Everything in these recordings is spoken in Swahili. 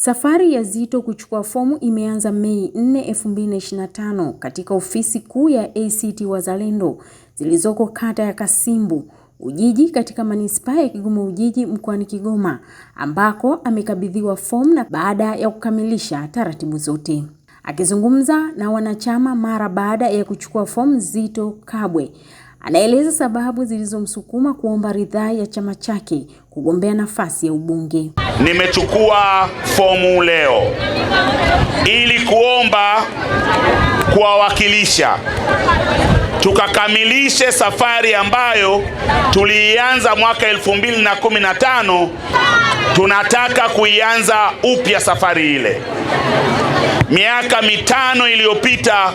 Safari ya Zitto kuchukua fomu imeanza Mei 4, 2025 katika ofisi kuu ya ACT Wazalendo zilizoko kata ya Kasimbu Ujiji katika manispaa ya Kigoma Ujiji mkoani Kigoma ambako amekabidhiwa fomu na baada ya kukamilisha taratibu zote. Akizungumza na wanachama mara baada ya kuchukua fomu, Zitto Kabwe anaeleza sababu zilizomsukuma kuomba ridhaa ya chama chake kugombea nafasi ya ubunge nimechukua fomu leo ili kuomba kuwawakilisha tukakamilishe safari ambayo tuliianza mwaka 2015 Tunataka kuianza upya safari ile. Miaka mitano iliyopita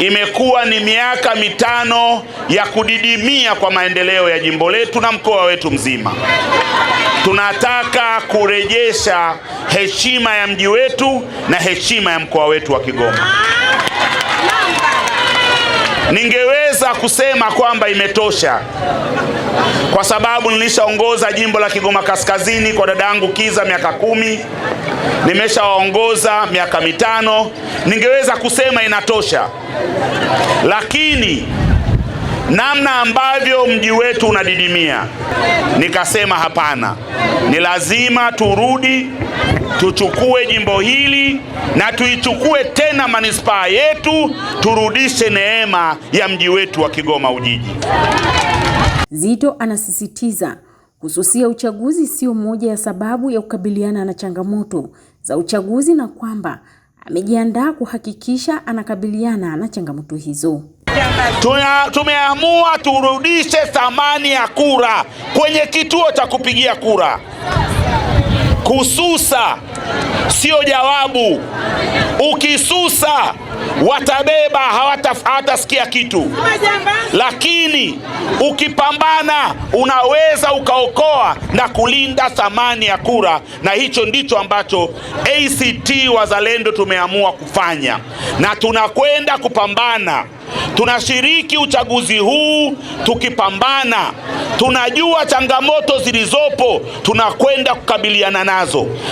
Imekuwa ni miaka mitano ya kudidimia kwa maendeleo ya jimbo letu na mkoa wetu mzima. Tunataka kurejesha heshima ya mji wetu na heshima ya mkoa wetu wa Kigoma. Ningewe naweza kusema kwamba imetosha kwa sababu nilishaongoza jimbo la Kigoma Kaskazini kwa dadangu Kiza miaka kumi, nimeshawaongoza miaka mitano, ningeweza kusema inatosha, lakini namna ambavyo mji wetu unadidimia. Nikasema hapana, ni lazima turudi tuchukue jimbo hili na tuichukue tena manispaa yetu, turudishe neema ya mji wetu wa Kigoma Ujiji. zito anasisitiza kususia uchaguzi sio moja ya sababu ya kukabiliana na changamoto za uchaguzi na kwamba amejiandaa kuhakikisha anakabiliana na changamoto hizo. Tuna, tumeamua turudishe thamani ya kura kwenye kituo cha kupigia kura. Kususa sio jawabu. Ukisusa watabeba, hawatasikia kitu, lakini ukipambana unaweza ukaokoa na kulinda thamani ya kura, na hicho ndicho ambacho ACT Wazalendo tumeamua kufanya na tunakwenda kupambana tunashiriki uchaguzi huu tukipambana, tunajua changamoto zilizopo, tunakwenda kukabiliana nazo.